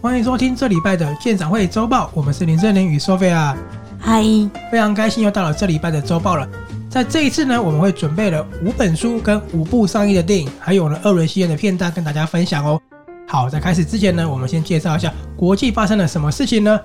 歡迎收聽這禮拜的鑑賞會週報，我們是林正林與索菲亞。嗨，非常開心又到了這禮拜的周報了。在這一次呢，我們會準備了五本書、跟五部上映的電影，還有呢二輪戲院的片段跟大家分享哦。好，在開始之前呢，我們先介紹一下國際發生了什麼事情呢？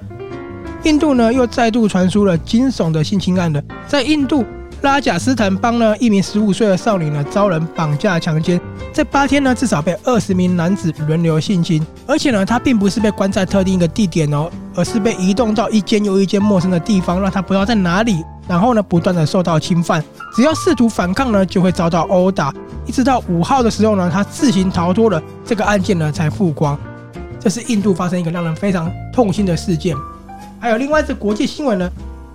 印度呢又再度傳出了驚悚的性侵案了，在印度。拉賈斯坦邦呢，一名十五歲的少女呢，遭人綁架強姦，這八天呢，至少被二十名男子輪流性侵，而且呢，她並不是被關在特定一個地點哦，而是被移動到一間又一間陌生的地方，讓她不知道在哪裡，然後呢，不斷的受到侵犯，只要試圖反抗呢，就會遭到毆打，一直到五號的時候呢，她自行逃脫了，這個案件呢才曝光。這是印度發生一個讓人非常痛心的事件，還有另外一則國際新聞呢。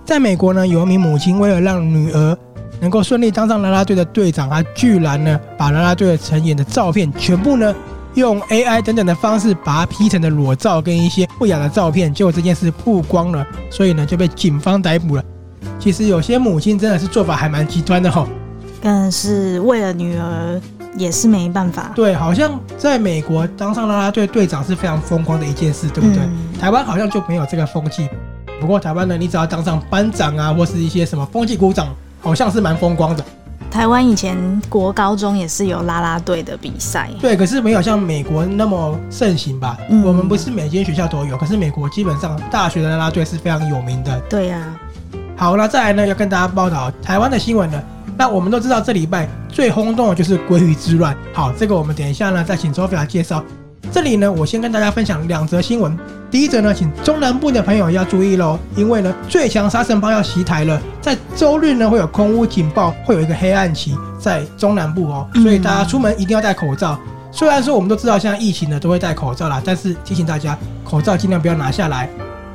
在美國呢，有一名母親，為了讓女兒能夠順利當上啦啦隊的隊長，她居然呢把啦啦隊的成員的照片全部呢用 AI 等等的方式把它 P 成的裸照跟一些不雅的照片，結果這件事曝光了，所以呢就被警方逮捕了。其實有些母親真的是做法還蠻極端的吼，但是為了女兒也是沒辦法。對，好像在美國當上啦啦隊隊長是非常瘋狂的一件事，對不對？嗯、台灣好像就沒有這個風氣。不過台灣呢，你只要當上班長啊，或是一些什麼風紀股長，好像是蠻風光的。台灣以前國高中也是有拉拉隊的比賽，對，可是沒有像美國那麼盛行吧？嗯嗯，我們不是每間學校都有，可是美國基本上大學的拉拉隊是非常有名的。對啊，好，那再來呢，要跟大家報道台灣的新聞呢。那我們都知道這禮拜最轟動的就是鮭魚之亂。好，這個我們等一下呢再請 Sophia 來介紹。這裡呢，我先跟大家分享兩則新聞。第一則呢，請中南部的朋友要注意嘍，因為呢,最強沙塵暴要襲台了，在周日呢會有空汙警報，會有一個黑暗期在中南部哦，所以大家出門一定要戴口罩。嗯、雖然說我們都知道現在疫情呢都會戴口罩啦，但是提醒大家口罩盡量不要拿下來。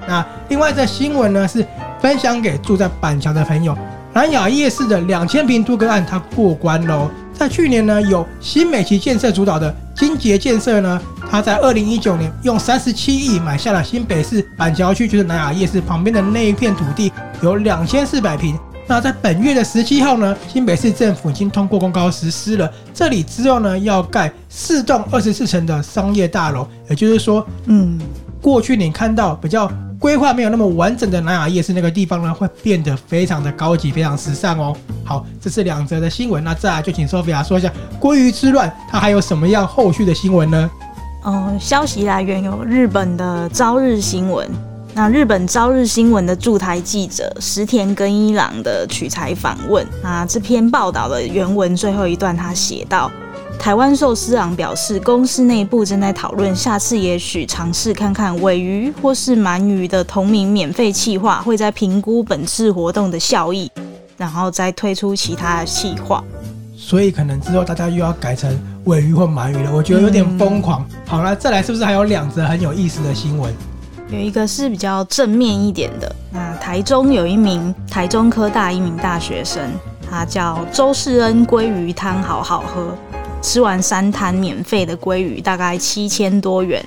那另外這新聞呢是分享給住在板橋的朋友，南雅夜市的兩千坪都更案它過關嘍，在去年呢有新美琦建設主導的金杰建設呢，他在二零一九年用三十七億買下了新北市板橋區，就是南雅夜市旁邊的那一片土地，有兩千四百平。那在本月的十七號呢，新北市政府已經通過公告實施了這裡之後呢，要蓋四棟二十四層的商業大樓。也就是說，嗯，過去你看到比較規劃沒有那麼完整的南雅夜市那個地方呢，會變得非常的高級，非常時尚哦。好，這是兩則的新聞。那再來就請索菲亞說一下《鮭魚之亂》，它還有什麼樣後續的新聞呢？哦，消息來源有日本的《朝日新聞》，那日本《朝日新聞》的駐台記者石田耕一郎的取材訪問。那這篇報道的原文最後一段，他寫道，台灣壽司郎表示，公司內部正在討論下次也許嘗試看看鮪魚或是鰻魚的同名免費企劃，會再評估本次活動的效益，然後再推出其他的企劃。所以可能之後大家又要改成。鮪魚或鰻魚了，我覺得有點瘋狂。嗯、好了，再來是不是還有兩則很有意思的新聞？有一個是比較正面一點的。那台中有一名台中科大一名大學生，他叫周世恩，鮭魚湯好好喝，吃完三攤免費的鮭魚，大概七千多元，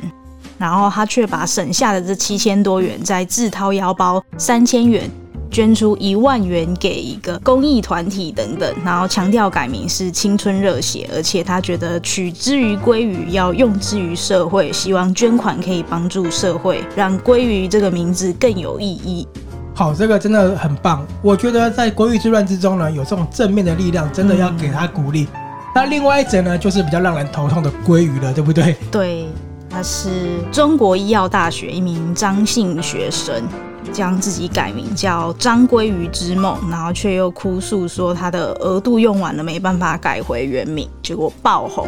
然後他卻把省下的這七千多元再自掏腰包三千元。捐出一萬元給一個公益團體等等，然後強調改名是青春熱血，而且他覺得取之於鮭魚要用之於社會，希望捐款可以幫助社會，讓鮭魚這個名字更有意義。好，這個真的很棒，我覺得在鮭魚之亂之中呢，有這種正面的力量，真的要給他鼓勵。嗯，那另外一則呢，就是比較讓人頭痛的鮭魚了，對不對？對，他是中國醫藥大學一名張姓學生。將自己改名叫張鮭魚之夢，然後卻又哭訴說他的額度用完了，沒辦法改回原名，結果爆紅。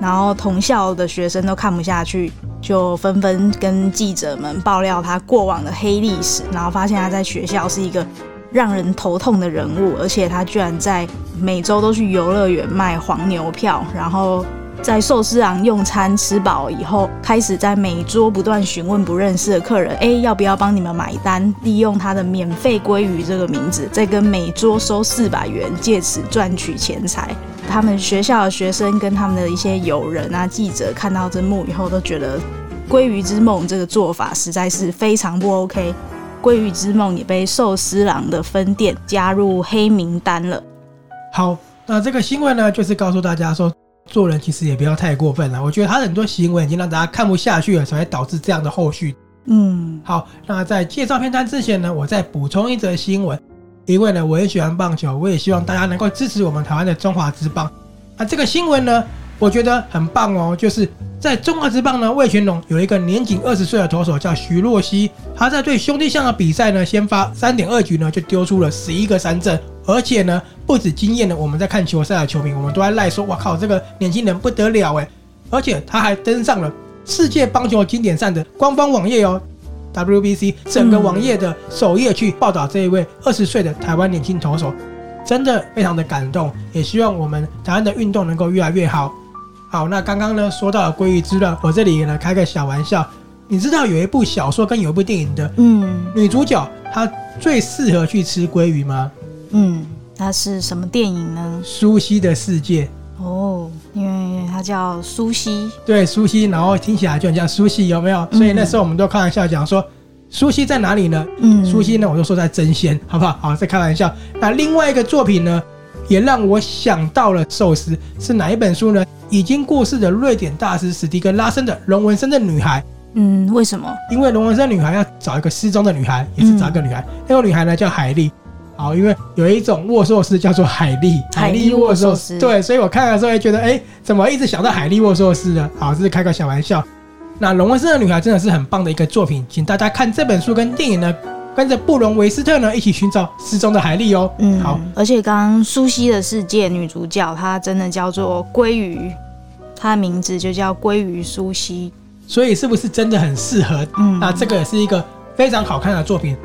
然後同校的學生都看不下去，就紛紛跟記者們爆料他過往的黑歷史。然後發現他在學校是一個讓人頭痛的人物，而且他居然在每週都去遊樂園賣黃牛票，然後。在壽司郎用餐吃飽以後，開始在每桌不斷詢問不認識的客人：“哎，要不要幫你們買單？”利用他的“免費鮭魚”這個名字，再跟每桌收四百元，借此賺取錢財。他們學校的學生跟他們的一些友人啊、記者看到這幕以後，都覺得“鮭魚之夢”這個做法實在是非常不 OK。“鮭魚之夢”也被壽司郎的分店加入黑名單了。好，那這個新聞呢，就是告訴大家說。做人其實也不要太過分了，我覺得他的很多行為已經讓大家看不下去了，才會導致這樣的後續。嗯，好，那在介紹片單之前呢，我再補充一則新聞，因為呢，我也喜歡棒球，我也希望大家能夠支持我們台灣的中華職棒。那這個新聞呢，我覺得很棒哦，就是在中華職棒呢，味全龍有一個年僅二十歲的投手叫徐若熙，他在對兄弟象的比賽呢，先發三點二局呢，就丟出了十一個三振。而且呢，不止驚豔了我們在看球賽的球迷，我們都在賴說：“哇靠，這個年輕人不得了哎！”而且他還登上了世界棒球經典賽的官方網頁哦，WBC 整個網頁的首頁去報道這一位二十歲的台灣年輕投手，真的非常的感動，也希望我們台灣的運動能夠越來越好。好，那剛剛呢，說到了鮭魚之亂，我這裡呢開個小玩笑，你知道有一部小說跟有一部電影的，嗯，女主角她最適合去吃鮭魚嗎？嗯，那是什麼電影呢？蘇西的世界哦，因為它叫蘇西，對蘇西，然後聽起來就很像蘇西，有沒有、嗯？所以那時候我們都開玩笑講說，蘇西在哪裡呢？嗯，蘇西呢，我就說在真仙，好不好？好，在開玩笑。那另外一個作品呢，也讓我想到了壽司，是哪一本書呢？已經過世的瑞典大師史迪格拉森的《龍紋身的女孩》。嗯，為什麼？因為《龍紋身女孩》要找一個失蹤的女孩，也是找一個女孩，嗯、那個女孩呢叫海莉。好，因為有一種握壽司叫做海莉。海莉握壽司。對，所以我看的時候也覺得，哎，怎麼一直想到海莉握壽司呢？好，這是開個小玩笑。那《龍紋身的女孩》真的是很棒的一個作品，請大家看這本書跟電影呢，跟着布隆維斯特呢一起尋找失蹤的海莉。哦。嗯。好，而且剛剛《蘇西的世界》女主角她真的叫做鮭魚，她的名字就叫鮭魚蘇西。所以是不是真的很適合？嗯。那這個也是一個非常好看的作品。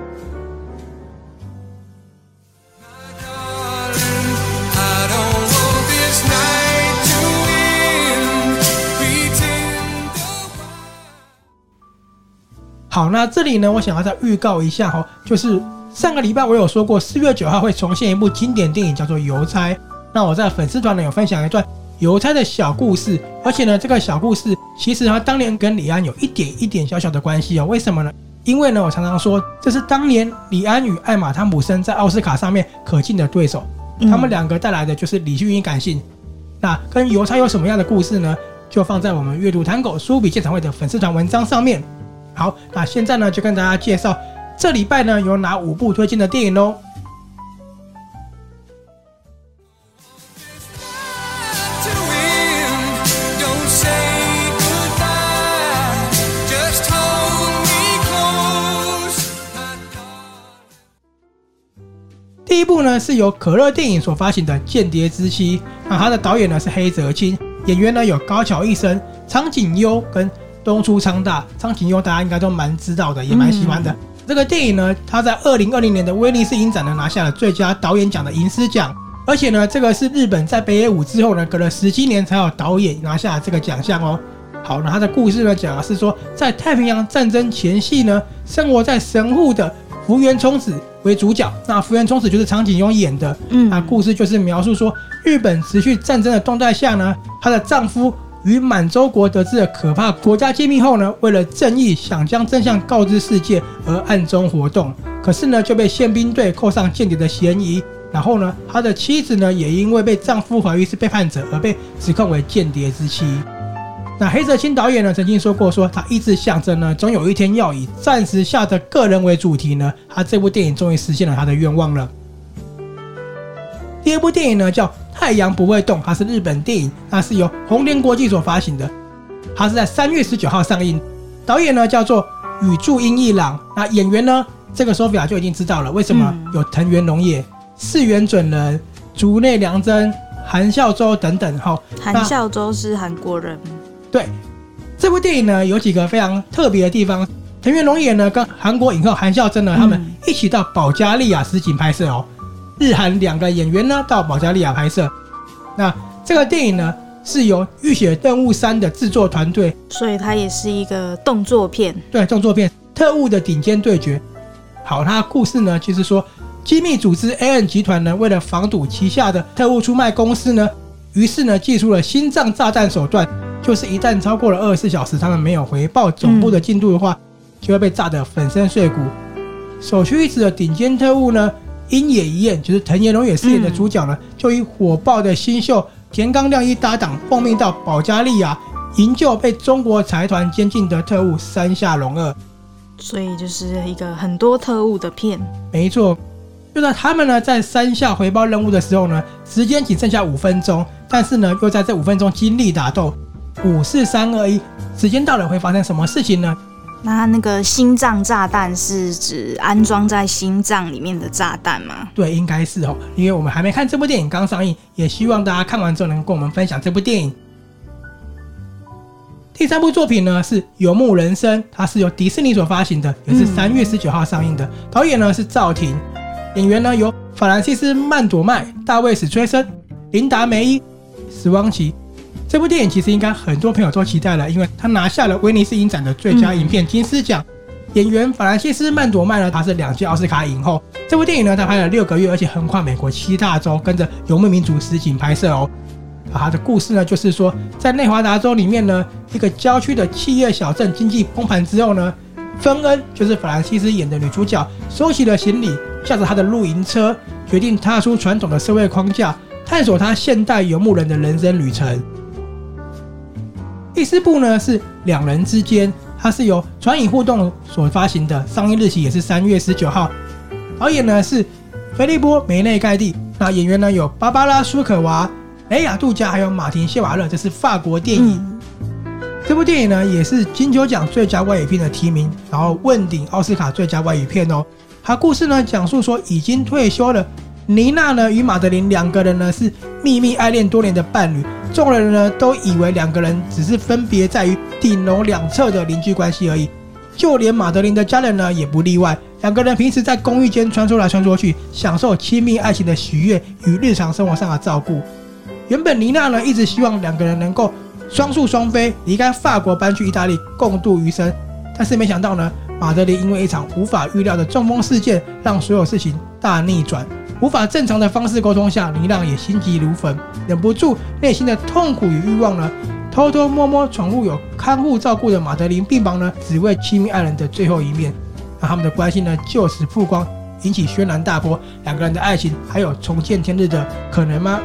好，那這裡呢，我想要再預告一下哦、喔，就是上個禮拜我有說過，四月九號會重現一部經典電影，叫做《郵差》。那我在粉絲團呢有分享一段郵差的小故事，而且呢，這個小故事其實它當年跟李安有一點一點小小的關係哦、喔。為什麼呢？因為呢，我常常說，這是當年李安與艾瑪湯普森在奧斯卡上面可敬的對手，嗯、他們兩個帶來的就是理性與感性。那跟郵差有什麼樣的故事呢？就放在我們閱讀 Tango 書評鑑賞會的粉絲團文章上面。好，那、啊、現在呢，就跟大家介紹這禮拜呢有哪五部推薦的電影哦。第一部呢是由可樂電影所發行的《間諜之妻》，那、啊、他的導演呢是黑澤清，演員呢有高橋一生、蒼井優跟。東出昌大、蒼井優，大家應該都蠻知道的，也蠻喜歡的、嗯。這個電影呢，它在二零二零年的威尼斯影展呢，拿下了最佳導演獎的銀獅獎。而且呢，這個是日本在北野武之後呢，隔了十七年才有導演拿下的這個獎項哦。好，那它的故事呢，講的是說，在太平洋戰爭前夕呢，生活在神戶的福原聰子為主角。那福原聰子就是蒼井優演的。嗯，那故事就是描述說，日本持續戰爭的動態下呢，她的丈夫。與滿洲國得知的可怕國家機密後呢，為了正義想將真相告知世界而暗中活動，可是呢就被憲兵隊扣上間諜的嫌疑。然後呢，他的妻子呢也因為被丈夫懷疑是背叛者而被指控為間諜之妻。那黑澤清導演呢曾經說過說，說他一直想着呢，總有一天要以戰時下的個人為主題呢，他這部電影終於實現了他的願望了。第二部電影呢叫。太陽不會動，它是日本電影，它是由鴻聯國際所發行的，它是在三月十九號上映。導演呢叫做羽住英一郎，那演員呢，這個手表就已經知道了，為什麼有藤原龍也、嗯、市原隼人、竹內涼真、韓孝周等等哈。韓孝周是韓國人。對，這部電影呢有幾個非常特別的地方，藤原龍也呢跟韓國影后韓孝周呢、嗯、他們一起到保加利亞實景拍攝哦。日韓兩個演員呢，到保加利亞拍攝。那這個電影呢，是由《浴血任務三》的製作團隊，所以它也是一個動作片。對，動作片，特務的頂尖對決。好，它故事呢，其、就是說，機密組織 A N 集團呢，為了防堵旗下的特務出賣公司呢，於是呢，祭出了心臟炸彈手段，就是一旦超過了二十四小時，他們沒有回報總部的進度的話、嗯，就會被炸得粉身碎骨。首屈一指的頂尖特務呢？鷹野一彥就是藤原龍也飾演的主角呢、嗯，就以火爆的新秀田岡亮一搭檔，奉命到保加利亞營救被中國財團監禁的特務山下龍二。所以就是一個很多特務的片。沒錯，就在他們呢，在山下回報任務的時候呢，時間僅剩下五分鐘，但是呢又在這五分鐘經歷打鬥，五、四、三、二、一，時間到了會發生什麼事情呢？那那個心臟炸彈是指安裝在心臟裡面的炸彈嗎？對，應該是哦，因為我們還沒看這部電影，剛上映，也希望大家看完之後能跟我們分享這部電影。第三部作品呢是《遊牧人生》，它是由迪士尼所發行的，也是三月十九號上映的。嗯、導演呢是趙婷，演員呢有法蘭西絲麥朵曼、大衛·史崔森、琳達梅依、史汪奇。這部電影其實應該很多朋友都期待了，因為他拿下了威尼斯影展的最佳影片金獅獎。嗯。演員法蘭西斯麥朵曼呢，她是兩屆奧斯卡影後。這部電影呢，他拍了六個月，而且橫跨美國七大州，跟着游牧民族實景拍攝哦。啊，他的故事呢，就是說在內華達州裡面呢，一個郊區的企業小鎮經濟崩盤之後呢，芬恩就是法蘭西斯演的女主角，收起了行李，駕着她的露營車，決定踏出傳統的社會框架，探索她現代游牧人的人生旅程。第四部呢是兩人之間，它是由傳影互動所發行的，上映日期也是三月十九號。導演呢是菲力波梅內蓋帝，那演員呢有芭芭拉蘇可娃、雷亞杜加，還有馬丁謝瓦勒，這是法國電影。嗯、這部電影呢也是金球獎最佳外語片的提名，然後問鼎奧斯卡最佳外語片哦。它故事呢講述說已經退休了。妮娜呢，與馬德琳兩個人呢是秘密愛戀多年的伴侶，眾人呢都以為兩個人只是分別在於頂樓兩側的鄰居關係而已，就連馬德琳的家人呢也不例外。兩個人平時在公寓間穿梭來穿梭去，享受親密愛情的喜悅與日常生活上的照顧。原本妮娜呢一直希望兩個人能夠雙宿雙飛，離開法國搬去意大利共度餘生，但是沒想到呢，馬德琳因為一場無法預料的中風事件，讓所有事情大逆轉。無法正常的方式溝通下，林浪也心急如焚，忍不住內心的痛苦與慾望呢，偷偷摸摸闖入有看護照顧的馬德琳病房呢，只為親密愛人的最後一面，那他們的關係呢就此曝光，引起軒然大波。兩個人的愛情還有重見天日的可能嗎？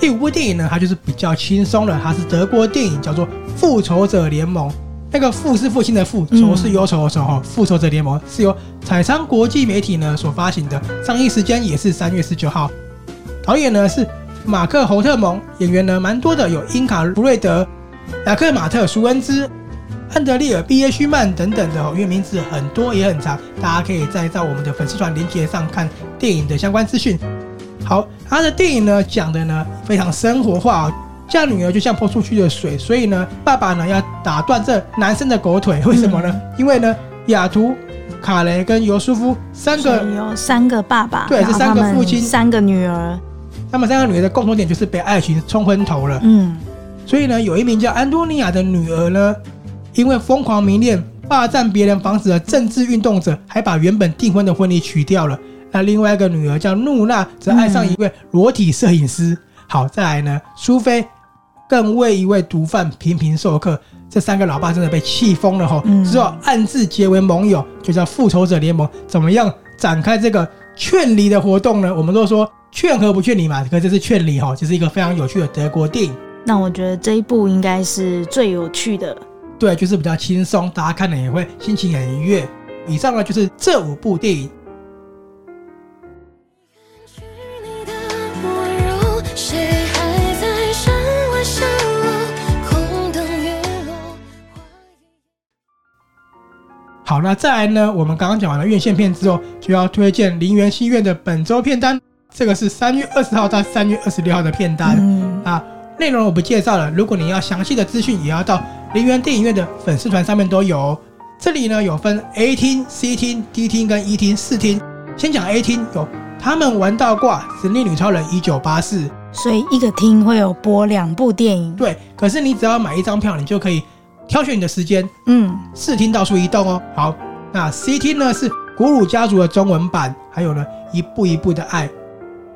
第五部電影呢，它就是比較輕鬆了，它是德國電影，叫做《復仇者聯盟》。那個父是父親的父，仇是有仇的仇哈。父、嗯、仇者聯盟是由采昌國際媒體呢所發行的，上映時間也是三月十九號。導演呢是馬克·侯特蒙，演員呢蠻多的，有英卡·布瑞德、雅克·馬特·舒恩茲、安德烈爾 ·B·H· 曼等等的，因為名字很多也很長，大家可以再在我們的粉絲團連結上看電影的相關資訊。好，他的電影呢講的呢非常生活化，哦。嫁女兒就像潑出去的水，所以呢，爸爸呢要打斷這男生的狗腿，為什麼呢？嗯、因為呢，雅圖卡雷跟尤舒夫三個三個爸爸，對這三個父親，三個女兒，他們三個女兒的共同點就是被愛情沖昏頭了。嗯，所以呢，有一名叫安東尼亞的女兒呢，因為瘋狂迷戀霸占別人房子的政治運動者，還把原本訂婚的婚禮取掉了。那另外一個女兒叫露娜，則愛上一位裸體攝影師、嗯。好，再來呢，蘇菲。更為一位毒販頻頻授課，這三個老爸真的被氣瘋了哈、哦嗯！只好暗自結為盟友，就叫復仇者聯盟。怎麼樣展開這個勸離的活動呢？我們都說勸和不勸離嘛，可這是勸離哈、哦，就是一個非常有趣的德國電影。那我覺得這一部應該是最有趣的，對，就是比較輕鬆，大家看了也會心情很愉悅。以上呢就是這五部電影。好，那再來呢？我們剛剛講完了院線片之後，就要推薦林園新院的本周片單。這個是三月二十號到三月二十六號的片單嗯啊，內容我不介紹了。如果你要詳細的資訊，也要到林園電影院的粉絲團上面都有。這裡呢有分 A 廳、C 廳、D 廳跟 E 廳四廳。先講 A 廳有他們玩到掛《神力女超人》一九八四，所以一個廳會有播兩部電影。對，可是你只要買一張票，你就可以挑選你的時間，嗯，四聽到處移動哦。好，那 C 聽呢是古魯家族的中文版，還有呢一步一步的愛。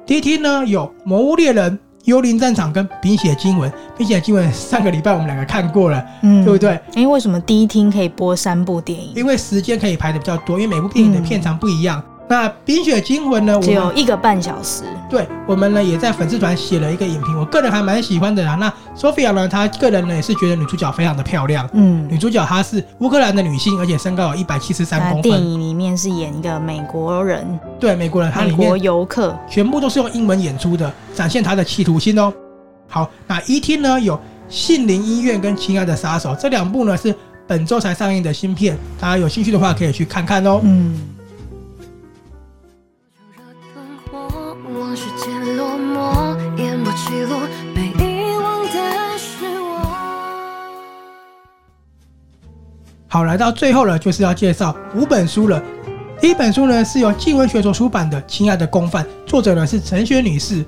D 聽呢有《魔物獵人》《幽靈戰場》跟《冰雪經文》，《冰雪經文》上個禮拜我們兩個看過了，嗯，對不對？哎、欸，為什麼 D 聽可以播三部電影？因為時間可以排的比較多，因為每部電影的片長不一樣。嗯那《冰雪驚魂》呢？只有一個半小時。對我們呢，們也在粉絲團寫了一個影評。我個人還蠻喜歡的啦。那 Sophia 呢，她個人呢也是覺得女主角非常的漂亮。嗯，女主角她是烏克蘭的女性，而且身高有一百七十三公分。電影裡面是演一個美國人。對，美國人。美國遊客。全部都是用英文演出的，展現他的企圖心哦、喔。好，那一聽呢有《杏林醫院》跟《親愛的殺手》這兩部呢是本周才上映的新片，大家有興趣的話可以去看看哦、喔。嗯。來到最後了，就是要介紹五本書了。第一本書呢是由鏡文學所出版的《親愛的共犯》，作者呢是陳雪女士。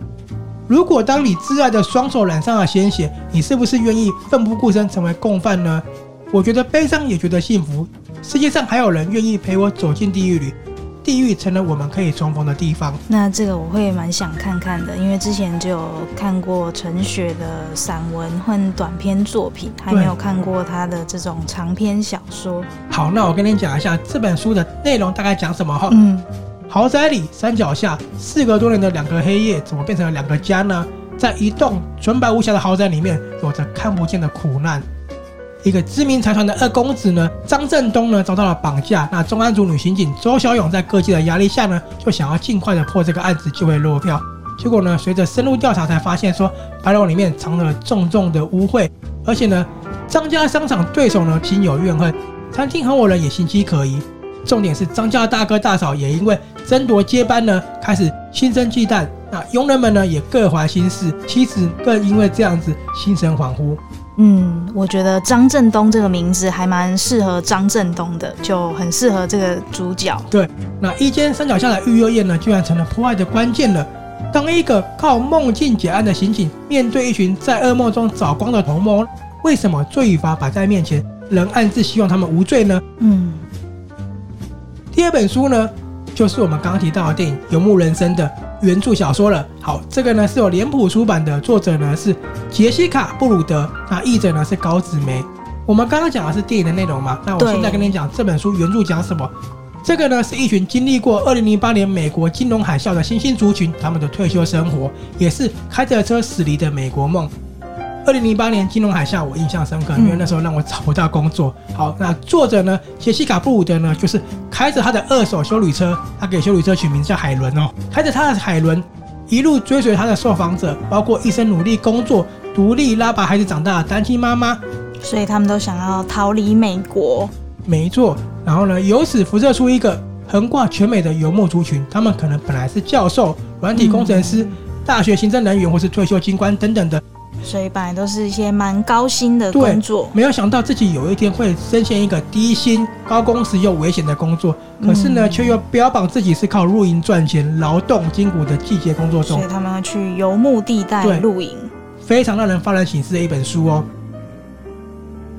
如果當你摯愛的雙手染上了鮮血，你是不是願意奮不顧身成為共犯呢？我覺得悲傷也覺得幸福。世界上還有人願意陪我走進地獄裡。地獄成了我們可以重逢的地方。那這個我會蠻想看看的，因為之前就有看過陳雪的散文或短篇作品，還沒有看過他的這種長篇小說。好，那我跟你講一下這本書的內容大概講什麼哈。嗯，豪宅裡，山腳下，四個多人的兩個黑夜，怎麼變成了兩個家呢？在一棟純白無瑕的豪宅裡面，有着看不見的苦難。一個知名財團的二公子呢，張振東呢，遭到了綁架。那重案組女刑警周小勇在各界的壓力下呢，就想要儘快的破這個案子，就會落票。結果呢，隨着深入調查，才發現說白龍裡面藏了重重的污穢，而且呢，張家商場對手呢，心有怨恨；餐廳合夥人也心機可疑。重點是張家大哥大嫂也因為爭奪接班呢，開始心生忌憚。那傭人們呢，也各懷心事；妻子更因為這樣子心神恍惚。嗯，我覺得張振東這個名字還蠻適合張振東的，就很適合這個主角。對，那一間山腳下的育幼院呢，居然成了破案的關鍵了。當一個靠夢境解案的刑警面對一群在噩夢中找光的同謀，為什麼罪與罰擺在面前，仍暗自希望他們無罪呢？嗯，第二本書呢，就是我們剛剛提到的電影《游牧人生》的。原著小說了，好，這個呢是由臉譜出版的，作者呢是傑西卡·布魯德，那譯者呢是高子梅。我們剛剛講的是電影的內容嘛？那我現在跟你講這本書原著講什麼？這個呢是一群經歷過2008年美國金融海嘯的新興族群，他們的退休生活，也是開着車駛離的美國夢。二零零八年金融海嘯，我印象深刻，因為那時候讓我找不到工作。嗯、好，那作者呢，傑西卡·布伍德呢，就是開着他的二手休旅車，他給休旅車取名叫海倫哦，開着他的海倫，一路追隨他的受訪者，包括一生努力工作，獨立拉拔孩子長大的單親媽媽。所以他們都想要逃離美國。沒錯。然後呢，由此輻射出一個橫跨全美的游牧族群，他們可能本來是教授，軟體工程師，嗯、大學行政人員或是退休軍官等等的。所以本來都是一些蠻高薪的工作，沒有想到自己有一天會身陷一個低薪、高工時又危險的工作。可是呢，卻又標榜自己是靠露營賺錢、勞動筋骨的季節工作中。所以他們要去游牧地帶露營，非常讓人发人省思的一本書哦、喔。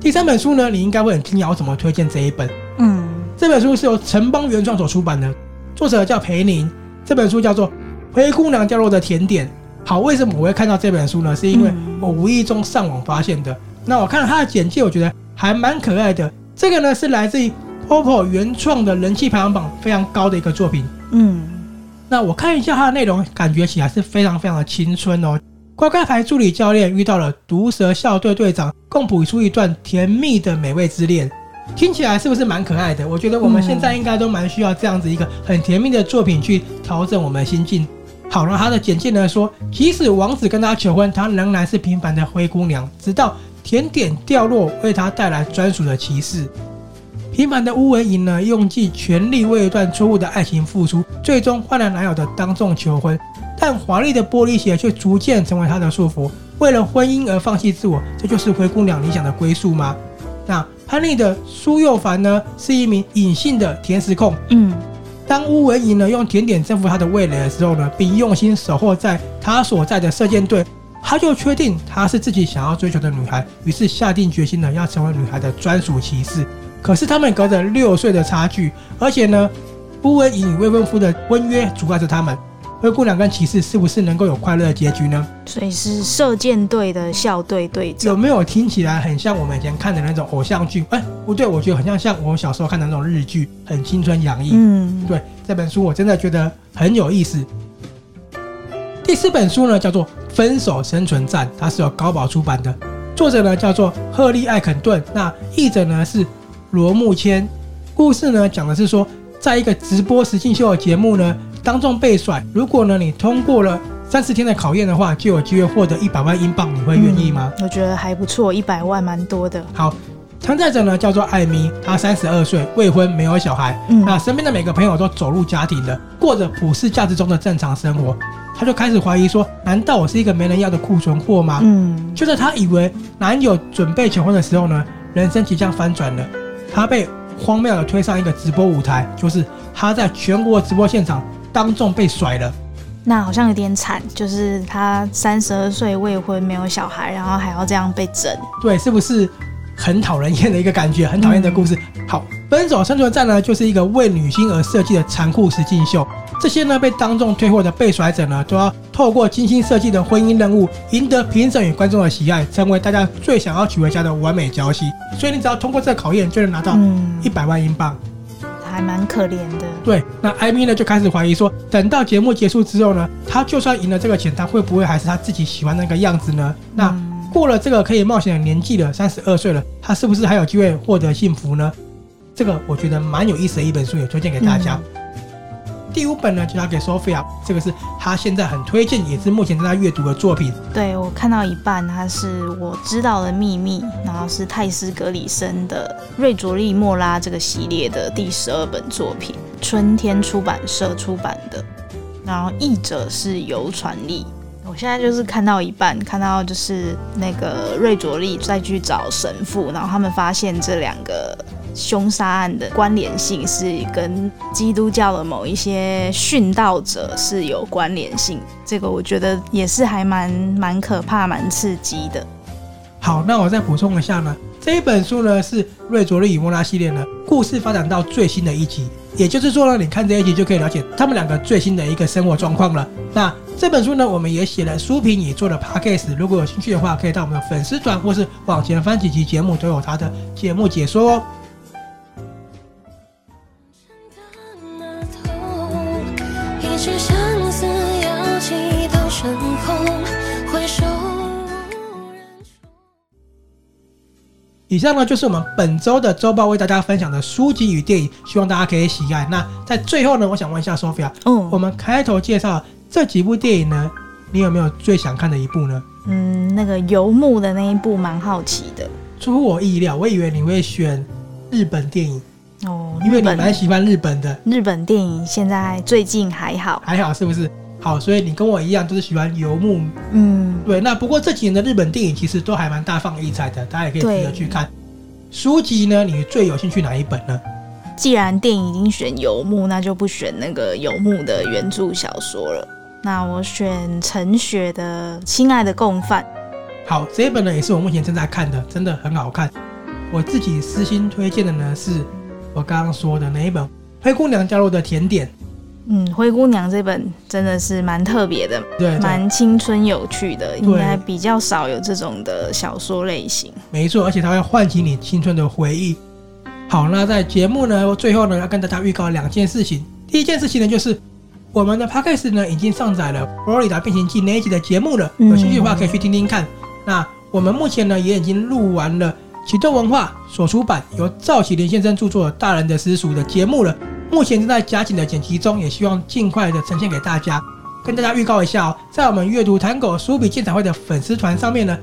第三本書呢，你應該會很驚訝，我怎麼推薦這一本？嗯，這本書是由城邦原創所出版的，作者叫裴寧，這本書叫做《灰姑娘掉落的甜點》。好，為什麼我會看到這本書呢？是因為我無意中上網發現的。嗯、那我看了他的簡介，我覺得還蠻可愛的。這個呢是來自於 POPO 原創的人氣排行榜非常高的一個作品。嗯，那我看一下它的內容，感覺起來是非常非常的青春哦。乖乖牌助理教練遇到了毒舌校隊隊長，共譜出一段甜蜜的美味之戀。聽起來是不是蠻可愛的？我覺得我們現在應該都蠻需要這樣子一個很甜蜜的作品去調整我們的心境。好了，他的簡介呢說，即使王子跟她求婚，她仍然是平凡的灰姑娘。直到甜點掉落，為他帶來專屬的騎士。平凡的烏文瑩呢，用盡全力為一段錯誤的愛情付出，最終換來男友的當眾求婚。但華麗的玻璃鞋卻逐漸成為他的束縛，為了婚姻而放棄自我，這就是灰姑娘理想的歸宿嗎？那叛逆的蘇又凡呢，是一名隱性的甜食控。嗯。當烏文儀呢用甜點征服她的味蕾的時候呢，並用心守候在她所在的射箭隊，他就確定她是自己想要追求的女孩，於是下定決心呢要成為女孩的專屬騎士。可是他們隔着六歲的差距，而且呢，烏文儀與未婚夫的婚約阻礙着他們。灰姑娘跟騎士是不是能夠有快樂的結局呢？所以是射箭隊的校隊隊長，有沒有聽起來很像我們以前看的那種偶像劇？哎、欸，不對，我覺得很像像我們小時候看的那種日劇，很青春洋溢。嗯，對，這本書我真的覺得很有意思。第四本書呢叫做《分手生存戰》，它是由高寶出版的，作者呢叫做赫利·艾肯頓，那譯者呢是羅慕謙。故事呢講的是說，在一個直播實境秀的節目呢。當眾被甩，如果呢你通過了三十天的考驗的話，就有機會獲得一百萬英鎊，你會願意嗎？嗯，我覺得還不錯，一百萬蠻多的。好，參賽者呢叫做艾米，她三十二歲，未婚，沒有小孩，嗯，那身邊的每個朋友都走入家庭了，過着普世價值中的正常生活。她就開始懷疑說，難道我是一個沒人要的庫存貨嗎？嗯。就在，是，她以為男友準備求婚的時候呢，人生即將翻轉了，她被荒謬地推上一個直播舞台，就是她在全國直播現場。當眾被甩了，那好像有點慘。就是他三十二歲未婚，沒有小孩，然後還要這樣被整，對，是不是很討人厭的一個感覺？很討厭的故事。嗯、好，分手生存戰呢，就是一個為女性而設計的殘酷實境秀。這些呢被當眾退貨的被甩者呢，都要透過精心設計的婚姻任務，贏得評審與觀眾的喜愛，成為大家最想要娶回家的完美嬌妻。所以你只要通過這個考驗，就能拿到一百萬英鎊。嗯還蠻可憐的。對，那艾米呢就開始懷疑說，等到節目結束之後呢，他就算贏了這個錢，他會不會還是他自己喜歡那個樣子呢？那過了這個可以冒險的年紀了，三十二歲了，他是不是還有機會獲得幸福呢？這個我覺得蠻有意思的一本書，也推薦給大家。嗯第五本呢，就拿給 Sophia，這個是他現在很推薦，也是目前正在閱讀的作品。對，我看到一半，它是我知道的秘密，然後是泰斯·格里森的《瑞卓利莫拉》這個系列的第十二本作品，春天出版社出版的，然後譯者是尤傳利。我現在就是看到一半，看到就是那個瑞卓利再去找神父，然後他們發現這兩個。兇殺案的關聯性是跟基督教的某一些殉道者是有關聯性，這個我覺得也是還蠻蠻可怕、蠻刺激的。好，那我再補充一下呢，這一本書呢是《瑞佐利與莫拉》系列的故事發展到最新的一集，也就是說呢，你看這一集就可以了解他們兩個最新的一個生活狀況了。那這本書呢，我們也寫了書評，也做了 podcast，如果有興趣的話，可以到我們的粉絲團或是往前翻幾集節目，都有它的節目解說哦。是相思回首無人。以上呢就是我們本周的周報，為大家分享的書籍與電影，希望大家可以喜愛。那在最後呢，我想問一下 Sophia，、嗯、我們開頭介紹這幾部電影呢，你有沒有最想看的一部呢？嗯，那個游牧的那一部，蠻好奇的。出乎我意料，我以為你會選日本電影。哦，因為你蠻喜歡日本的，日本電影現在最近還好，還好是不是？好，所以你跟我一樣都是喜歡游牧。嗯，對。那不過這幾年的日本電影其實都還蠻大放異彩的，大家也可以值得去看。書籍呢，你最有興趣哪一本呢？既然電影已經選游牧，那就不選那個游牧的原著小說了。那我選陳雪的《親愛的共犯》。好，這一本呢也是我目前正在看的，真的很好看。我自己私心推薦的呢是。我剛剛說的那一本《灰姑娘》加入的甜點？嗯，《灰姑娘》這本真的是蠻特別的，對，對，蠻青春有趣的，應該比較少有這種的小說類型。沒錯，而且它會喚起你青春的回憶。好，那在節目呢最後呢要跟大家預告兩件事情。第一件事情呢就是我們的 Podcast 呢已經上載了《佛羅里達變形記》那一集的節目了，有興趣的話可以去聽聽看。嗯、那我們目前呢也已經錄完了啟動文化所出版由趙啟麟先生著作《大人的詩塾》的節目了，目前正在加緊的剪輯中，也希望盡快的呈現給大家。跟大家預告一下哦，在我們閱讀談狗書筆鑑賞會的粉絲團上面呢，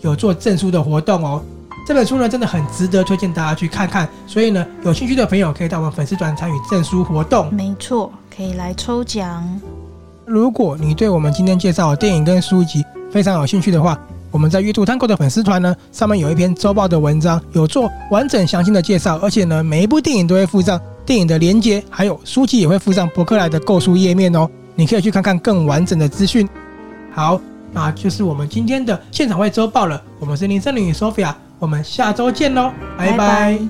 有做贈書的活動哦。這本書呢，真的很值得推薦大家去看看。所以呢，有興趣的朋友可以到我們粉絲團參與贈書活動。沒錯，可以來抽獎。如果你對我們今天介紹的電影跟書籍非常有興趣的話，我們在閱讀探購的粉絲團呢，上面有一篇周報的文章，有做完整詳細的介紹，而且呢，每一部電影都會附上電影的鏈接，還有書籍也會附上博客來的購書頁面哦，你可以去看看更完整的資訊。好，那就是我們今天的鑑賞會週報了，我們是林森林與 Sophia，我們下周見嘍，拜拜。拜拜。